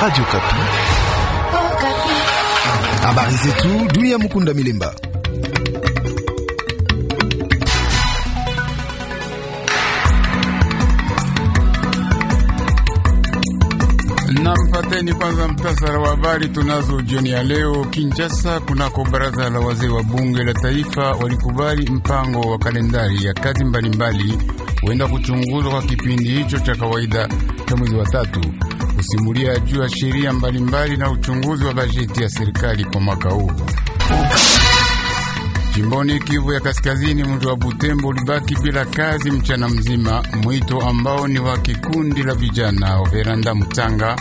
Radio Kapi. Oh, Habari zetu dunia mukunda milimba. Na mfateni kwanza mtasara wa habari tunazo jioni ya leo. Kinshasa, kunako baraza la wazee wa bunge la taifa, walikubali mpango wa kalendari ya kazi mbalimbali huenda kuchunguzwa kwa kipindi hicho cha kawaida cha mwezi wa tatu kusimulia juu ya sheria mbalimbali na uchunguzi wa bajeti ya serikali kwa mwaka huu. Jimboni Kivu ya Kaskazini, mji wa Butembo ulibaki bila kazi mchana mzima, mwito ambao ni wa kikundi la vijana Veranda Mutanga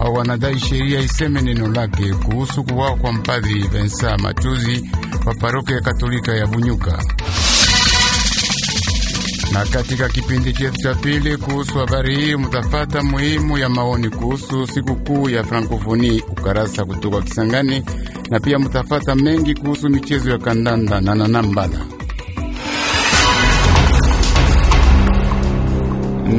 au wanadai sheria iseme neno lake kuhusu kuwao kwa mpadri Vensa Machuzi wa ya Katolika ya Bunyuka. Na katika kipindi chetu cha pili kuhusu habari hii mutafata muhimu ya maoni kuhusu sikukuu ya Frankofoni ukarasa kutoka Kisangani, na pia mutafata mengi kuhusu michezo ya kandanda na nanambala.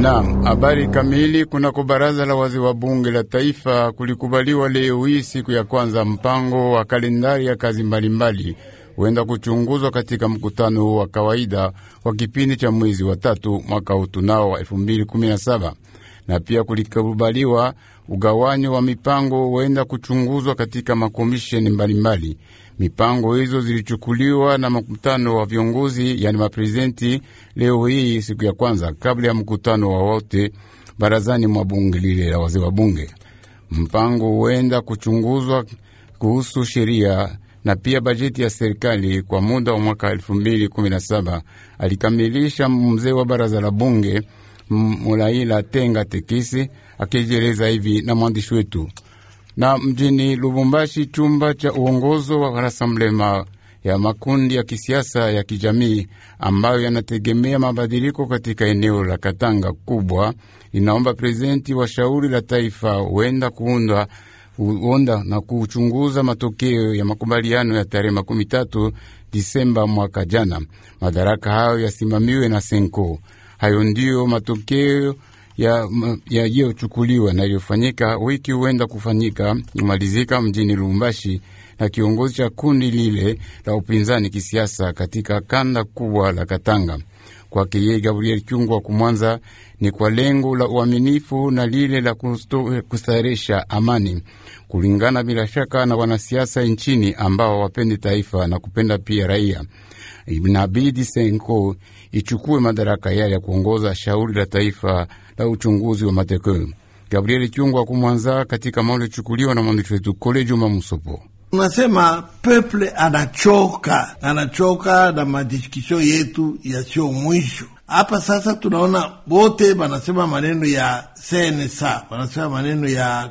Naam, habari kamili. Kunako baraza la wazee wa bunge la taifa kulikubaliwa leo hii siku ya kwanza mpango wa kalendari ya kazi mbalimbali mbali huenda kuchunguzwa katika mkutano wa kawaida wa kipindi cha mwezi wa tatu mwaka utunao wa 2017 na pia kulikubaliwa ugawanyo wa mipango huenda kuchunguzwa katika makomisheni mbalimbali. Mipango hizo zilichukuliwa na mkutano wa viongozi, yani maprezidenti, leo hii siku ya kwanza kabla ya mkutano wa wote barazani mwa bunge lile la wazee wa bunge. Mpango huenda kuchunguzwa kuhusu sheria na pia bajeti ya serikali kwa muda wa mwaka 2017. Alikamilisha mzee wa baraza la bunge Mulaila Tenga Tekisi akijeleza hivi na mwandishi wetu na mjini Lubumbashi, chumba cha uongozo wa rasamblema ya makundi ya kisiasa ya kijamii ambayo yanategemea mabadiliko katika eneo la Katanga kubwa linaomba prezidenti wa shauri la taifa huenda kuundwa huonda na kuchunguza matokeo ya makubaliano ya tarehe makumi tatu Disemba mwaka jana. Madaraka hayo yasimamiwe na Senko. Hayo ndiyo matokeo yaliyochukuliwa ya na iliyofanyika wiki huenda kufanyika kumalizika mjini Lubumbashi na kiongozi cha kundi lile la upinzani kisiasa katika kanda kubwa la Katanga. Kwake yeye Gabriel Chungwa Kumwanza ni kwa lengo la uaminifu na lile la kustahirisha amani, kulingana bila shaka na wanasiasa nchini ambao wapende taifa na kupenda pia raia. Inabidi Senko ichukue madaraka yale ya kuongoza shauri la taifa la uchunguzi wa matokeo. Gabriel Chungwa Kumwanza katika maoni chukuliwa na mwandishi wetu juma Musopo. Unasema peple anachoka, anachoka na madiskusio yetu yasiyo mwisho. Hapa sasa tunaona wote wanasema maneno ya cnsa wanasema maneno ya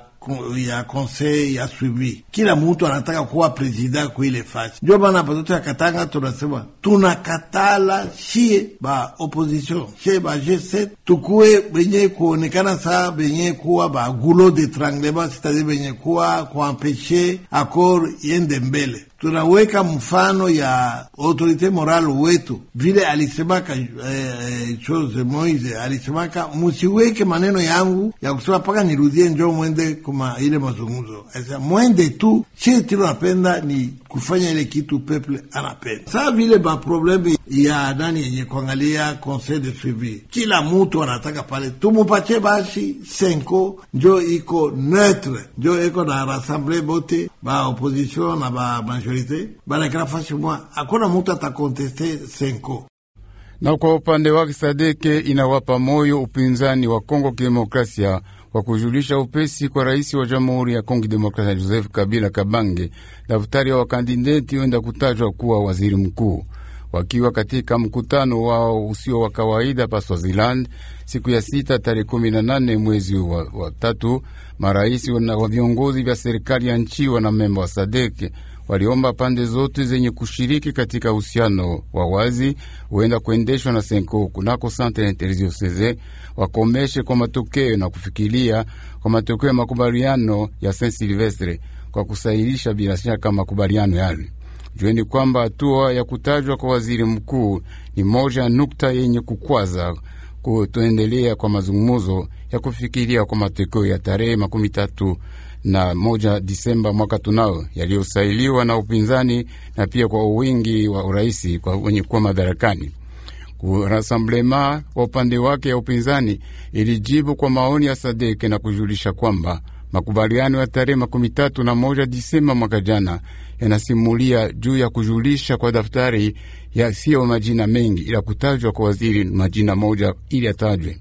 ya conseil ya suivi. Kila mtu anataka kuwa presida kuile fasi, ndio maana patoto ya Katanga tunasema tunakatala shie ba opposition shie ba G7 tukuwe benye kuonekana saa benye kuwa ba gulo de tranglement, sitadire benye kuwa kuampeshe akor yende mbele tunaweka mfano ya autorite moral wetu, vile alisemaka eh, chose eh, Moise alisemaka, musiweke maneno yangu ya kusema mpaka nirudie, njo mwende kuma ile mazungumzo. Asa mwende tu, tilo napenda ni kufanya ile kitu peple anapenda. Saa vile maprobleme ya nani yenye kuangalia conseil de suivi, kila mutu anataka pale tumupatie basi senko, njo iko neutre, njo iko na rassemble bote ba opposition na ba majorite security hakuna mutu atakonteste senko. Na kwa upande wake Sadeke inawapa moyo upinzani wa Kongo Kidemokrasia kwa kujulisha upesi kwa rais wa Jamhuri ya Kongo Kidemokrasia Joseph Kabila Kabange daftari wa wakandideti wenda kutajwa kuwa waziri mkuu wakiwa katika mkutano wao usio wa kawaida pa Swaziland siku ya sita tarehe kumi na nane mwezi wa, wa tatu, marais na viongozi vya serikali ya nchi wana memba wa Sadeke waliomba pande zote zenye kushiriki katika uhusiano wa wazi huenda kuendeshwa na Senko kunako Centre Interdiocese wakomeshe kwa matokeo na kufikilia kwa matokeo ya makubaliano ya Saint Silvestre kwa kusahilisha bila shaka makubaliano yale. Jueni kwamba hatua ya kutajwa kwa waziri mkuu ni moja nukta yenye kukwaza kutoendelea kwa mazungumuzo ya kufikiria kwa matokeo ya tarehe makumi tatu na moja Disemba mwaka tunao, yaliyosailiwa na upinzani na pia kwa uwingi wa uraisi kwa wenye kuwa madarakani. Rasamblema kwa upande wake ya upinzani ilijibu kwa maoni ya Sadeke na kujulisha kwamba makubaliano ya tarehe makumi tatu na moja Disemba mwaka jana yanasimulia juu ya kujulisha kwa daftari yasiyo majina mengi, ila kutajwa kwa waziri majina moja ili atajwe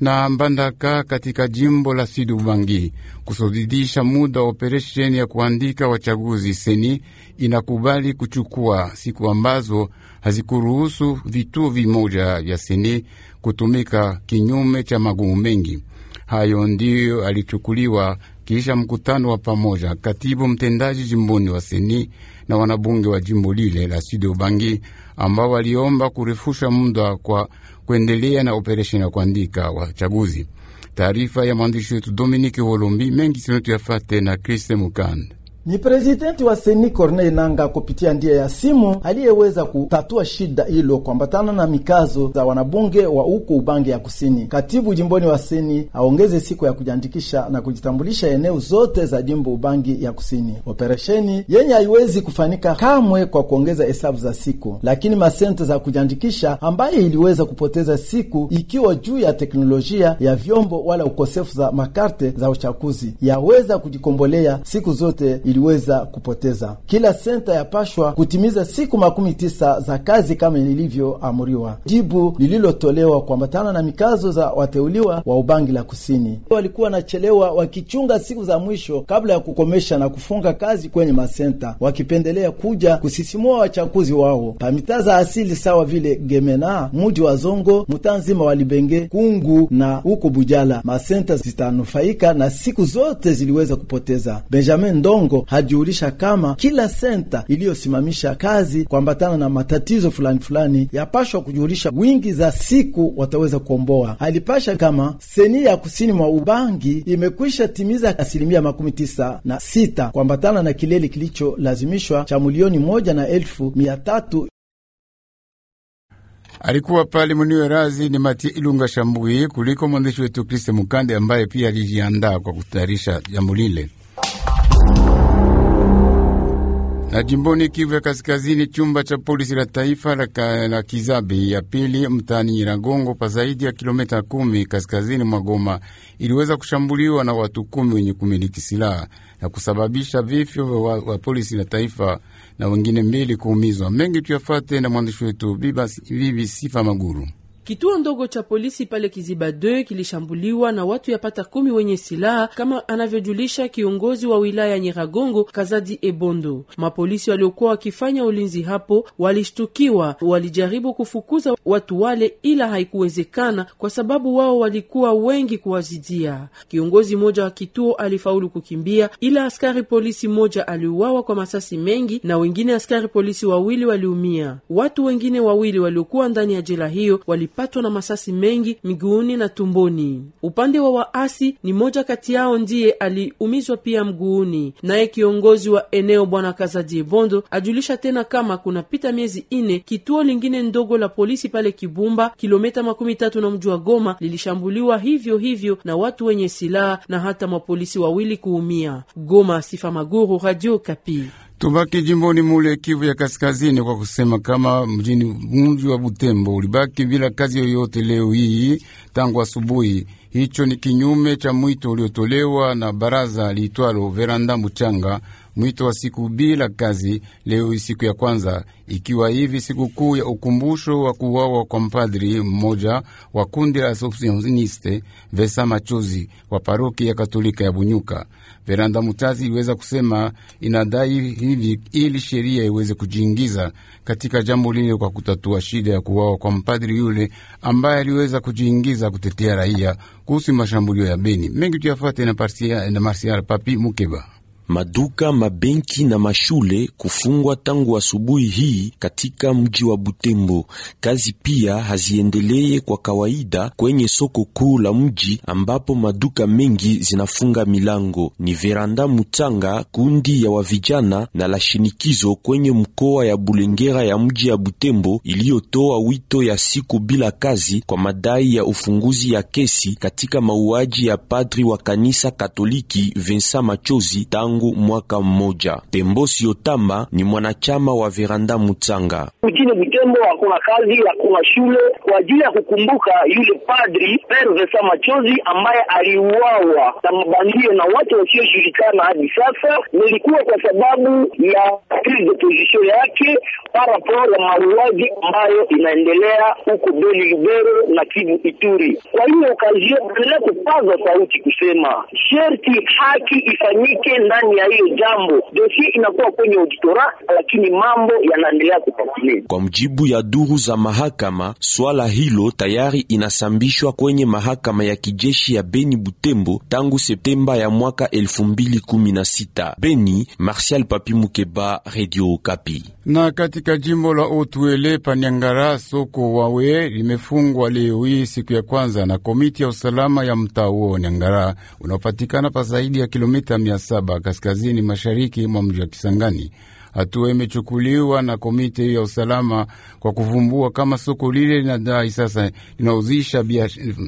na Mbandaka katika jimbo la Sidubangi kusodidisha muda wa operesheni ya kuandika wachaguzi. Seni inakubali kuchukua siku ambazo hazikuruhusu vituo vimoja vya seni kutumika kinyume cha magumu mengi. Hayo ndiyo alichukuliwa kisha mkutano wa pamoja, katibu mtendaji jimboni wa seni na wanabunge wa jimbo lile la Sud Ubangi ambao waliomba kurefusha muda kwa kuendelea na operesheni ya kuandika wachaguzi. Taarifa ya mwandishi wetu Dominiki Holombi mengi sinotuyafate na Kriste mukand ni prezidenti wa Seni Corneille Nanga kupitia njia ya simu aliyeweza kutatua shida hilo kuambatana na mikazo za wanabunge wa uku Ubangi ya Kusini. Katibu jimboni wa Seni aongeze siku ya kujiandikisha na kujitambulisha eneo zote za jimbo Ubangi ya Kusini, operesheni yenye haiwezi kufanika kamwe kwa kuongeza hesabu za siku, lakini masente za kujiandikisha ambaye iliweza kupoteza siku ikiwa juu ya teknolojia ya vyombo wala ukosefu za makarte za uchaguzi yaweza kujikombolea siku zote ili iliweza kupoteza. Kila senta yapashwa kutimiza siku makumi tisa za kazi kama ilivyoamriwa. Jibu lililotolewa kuambatana na mikazo za wateuliwa wa Ubangi la Kusini walikuwa wanachelewa wakichunga siku za mwisho kabla ya kukomesha na kufunga kazi kwenye masenta, wakipendelea kuja kusisimua wachakuzi wao pamita za asili sawa vile Gemena, muji wa Zongo, Mutanzima wa Libenge, Kungu na huko Bujala. Masenta zitanufaika na siku zote ziliweza kupoteza. Benjamin Ndongo hajiulisha kama kila senta iliyosimamisha kazi kuambatana na matatizo fulani fulani yapashwa kujuulisha wingi za siku wataweza kuomboa. Alipasha kama seni ya kusini mwa Ubangi imekwisha timiza asilimia makumi tisa na sita kuambatana na kilele kilicholazimishwa cha milioni moja na elfu mia tatu. Alikuwa pale muniwe razi ni Mati Ilunga Shambui kuliko mwandishi wetu Kriste Mukande ambaye pia alijiandaa kwa kutayarisha jambo lile. Na jimboni Kivu ya Kaskazini, chumba cha polisi la taifa la, ka, la Kizabi ya pili mtaani Nyiragongo pa zaidi ya kilomita kumi kaskazini mwa Goma iliweza kushambuliwa na watu kumi wenye kumiliki silaha na kusababisha vifyo wa, wa polisi la taifa na wengine mbili kuumizwa. Mengi tuyafate na mwandishi wetu Bibi Sifa Maguru. Kituo ndogo cha polisi pale Kiziba 2 kilishambuliwa na watu yapata kumi wenye silaha, kama anavyojulisha kiongozi wa wilaya Nyiragongo Kazadi Ebondo. Mapolisi waliokuwa wakifanya ulinzi hapo walishtukiwa, walijaribu kufukuza watu wale, ila haikuwezekana kwa sababu wao walikuwa wengi kuwazidia. Kiongozi mmoja wa kituo alifaulu kukimbia, ila askari polisi mmoja aliuawa kwa masasi mengi na wengine askari polisi wawili waliumia. Watu wengine wawili waliokuwa ndani ya jela hiyo wali walipatwa na masasi mengi miguuni na tumboni. Upande wa waasi ni moja kati yao ndiye aliumizwa pia mguuni. Naye kiongozi wa eneo bwana Kazadie Bondo ajulisha tena kama kunapita miezi ine kituo lingine ndogo la polisi pale Kibumba, kilomita makumi tatu na mji wa Goma, lilishambuliwa hivyo hivyo na watu wenye silaha na hata mapolisi wawili kuumia. Goma, Sifa Maguru, Radio Kapi. Tubaki jimboni mule Kivu ya Kaskazini kwa kusema kama mjini mji wa Butembo ulibaki bila kazi yoyote leo hii tangu asubuhi. Hicho ni kinyume cha mwito uliotolewa na baraza liitwalo Veranda Muchanga, mwito wa siku bila kazi leo hii, siku ya kwanza ikiwa hivi sikukuu ya ukumbusho wa kuwawa kwa mpadri mmoja wa kundi la Asociationiste Vesa Machozi wa paroki ya Katolika ya Bunyuka. Veranda Mutazi iliweza kusema inadai hivi ili sheria iweze kujiingiza katika jambo lile kwa kutatua shida ya kuwawa kwa mpadri yule ambaye aliweza kujiingiza kutetea raia kuhusu mashambulio ya Beni. Mengi tuyafuate na Marsial Papi Mukeba. Maduka, mabenki na mashule kufungwa tangu asubuhi hii katika mji wa Butembo. Kazi pia haziendeleye kwa kawaida kwenye soko kuu la mji ambapo maduka mengi zinafunga milango. Ni Veranda Mutanga, kundi ya wavijana na la shinikizo kwenye mkoa ya Bulengera ya mji ya Butembo, iliyotoa wito ya siku bila kazi kwa madai ya ufunguzi ya kesi katika mauaji ya padri wa kanisa Katoliki Vincent Machozi tangu tangu mwaka mmoja. Tembo Siotamba ni mwanachama wa Veranda Mutsanga. Mchini Butembo hakuna kazi, hakuna shule, kwa ajili ya kukumbuka yule padri Pervesa Machozi ambaye aliuawa na mabandio na watu wasiojulikana hadi sasa. Nilikuwa kwa sababu ya prise de position yake parapor ya mauaji ambayo inaendelea huko Beni, Lubero na Kivu, Ituri. Kwa hiyo okazio endelea kupaza sauti kusema sherti haki ifanyike ndani ndani ya hiyo jambo dosi inakuwa kwenye auditora, lakini mambo yanaendelea kupatilia. Kwa mjibu ya duru za mahakama, swala hilo tayari inasambishwa kwenye mahakama ya kijeshi ya Beni Butembo tangu Septemba ya mwaka 2016. Beni, Martial Papi Mukeba, Radio Okapi. Na katika jimbo la Otuele Panyangara, soko wawe limefungwa leo hii siku ya kwanza na komiti ya usalama ya mtaa huo Nyangara unaopatikana pa zaidi ya kilomita 700 kaskazini mashariki mwa mji wa Kisangani. Hatua imechukuliwa na komite ya usalama kwa kuvumbua kama soko lile linadai sasa linauzisha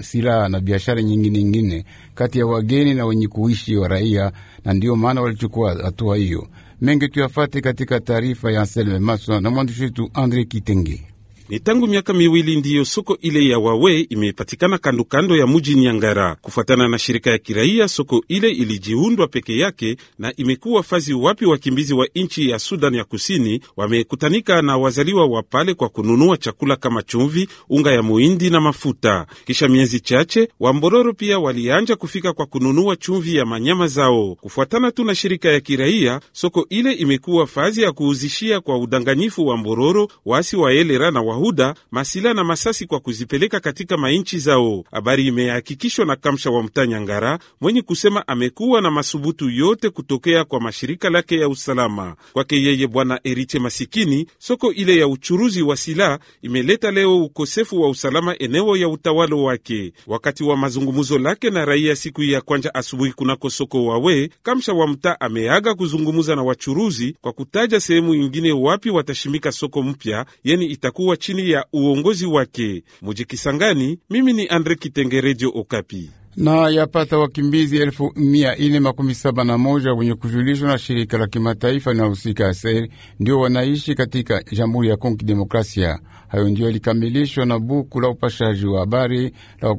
silaha na biashara nyingine nyingine kati ya wageni na wenye kuishi wa raia, na ndiyo maana walichukua hatua hiyo. Mengi tuyafate katika taarifa ya Anselme Maswa na mwandishi wetu Andre Kitenge. Ni tangu miaka miwili ndiyo soko ile ya Wawe imepatikana kandokando ya muji Nyangara. Kufuatana na shirika ya kiraia, soko ile ilijiundwa peke yake na imekuwa fazi wapi wakimbizi wa nchi ya Sudan ya Kusini wamekutanika na wazaliwa wa pale kwa kununua chakula kama chumvi, unga ya muhindi na mafuta. Kisha miezi chache, Wambororo pia walianja kufika kwa kununua chumvi ya manyama zao. Kufuatana tu na shirika ya kiraia, soko ile imekuwa fazi ya kuuzishia kwa udanganyifu wa Mbororo, waasi wa Elera na wa mahuda masila na masasi kwa kuzipeleka katika mainchi zao. Habari imehakikishwa na kamsha wa Mtanyangara mwenye kusema amekuwa na masubutu yote kutokea kwa mashirika lake ya usalama. Kwake yeye, bwana Eriche Masikini, soko ile ya uchuruzi wa sila imeleta leo ukosefu wa usalama eneo ya utawalo wake. Wakati wa mazungumzo lake na raia siku ya kwanja asubuhi kunako soko wawe, kamsha wa mtaa ameaga kuzungumza na wachuruzi kwa kutaja sehemu ingine wapi watashimika soko mpya, yeni itakuwa chini ya uongozi wake. Kisangani, mimi ni Andre Kitenge, Redio Okapi na yapata wakimbizi elfu mia ine makumi saba na moja wenye kujulishwa na shirika la kimataifa linalohusika ASER ndio wanaishi katika Jamhuri ya Kongo Kidemokrasia. Hayo ndio yalikamilishwa na buku la upashaji wa habari la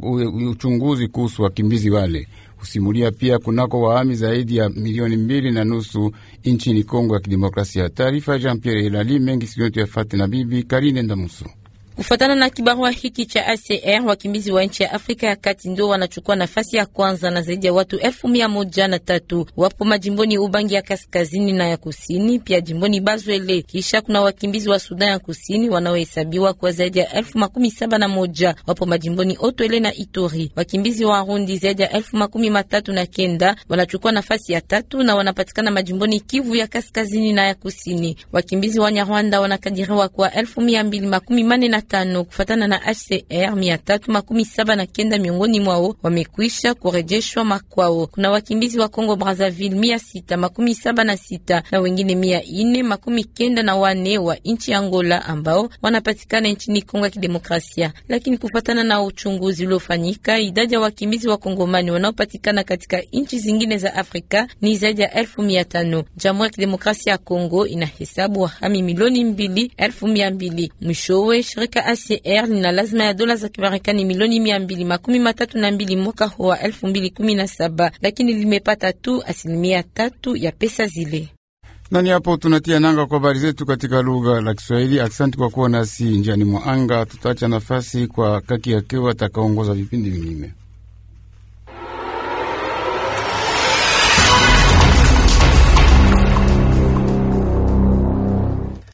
uchunguzi kuhusu wakimbizi wale husimulia pia kunako wahami zaidi ya milioni mbili na nusu nchini Kongo ya Kidemokrasia. Taarifa ya Jean Pierre Elali mengi siyotu yafate na bibi Karine Ndamusu. Kufuatana na kibarua hiki cha ACR, wakimbizi wa nchi ya Afrika ya Kati ndio wanachukua nafasi ya kwanza na zaidi ya watu elfu mia moja na tatu wapo majimboni Ubangi ya kaskazini na ya kusini, pia jimboni Bazwele. Kisha kuna wakimbizi wa Sudan ya kusini wanaohesabiwa kwa zaidi ya elfu makumi saba na moja wapo majimboni Otwele na Ituri. Wakimbizi wa Rundi zaidi ya elfu makumi matatu na kenda wanachukua nafasi ya tatu na wanapatikana majimboni Kivu ya kaskazini na ya kusini. Wakimbizi wa Nyarwanda wanakadiriwa kwa elfu mia mbili makumi manne na tano kufatana na HCR mia tatu makumi saba na kenda miongoni mwao wamekwisha kurejeshwa makwao. Kuna wakimbizi wa Kongo Brazzaville mia sita makumi saba na sita na wengine mia ine makumi kenda na wane wa nchi Angola ambao wanapatikana nchini Kongo ya Kidemokrasia. Lakini kufatana na uchunguzi uliofanyika, idadi ya wakimbizi wa Kongomani wanaopatikana katika nchi zingine za Afrika ni zaidi ya elfu mia tano. Jamhuri ya Kidemokrasia ya Kongo inahesabu wahami milioni mbili elfu mia mbili. Mwishowe shirika cha ACR lina lazima ya dola za Kimarekani milioni mia mbili makumi matatu na mbili mwaka huu wa elfu mbili kumi na saba lakini limepata tu asilimia tatu ya pesa zile. Nani hapo tunatia nanga kwa habari zetu katika lugha la Kiswahili. Aksanti kwa kuwa nasi njani mwa anga. Tutaacha nafasi kwa kaki ya yakewa atakaongoza vipindi vingine.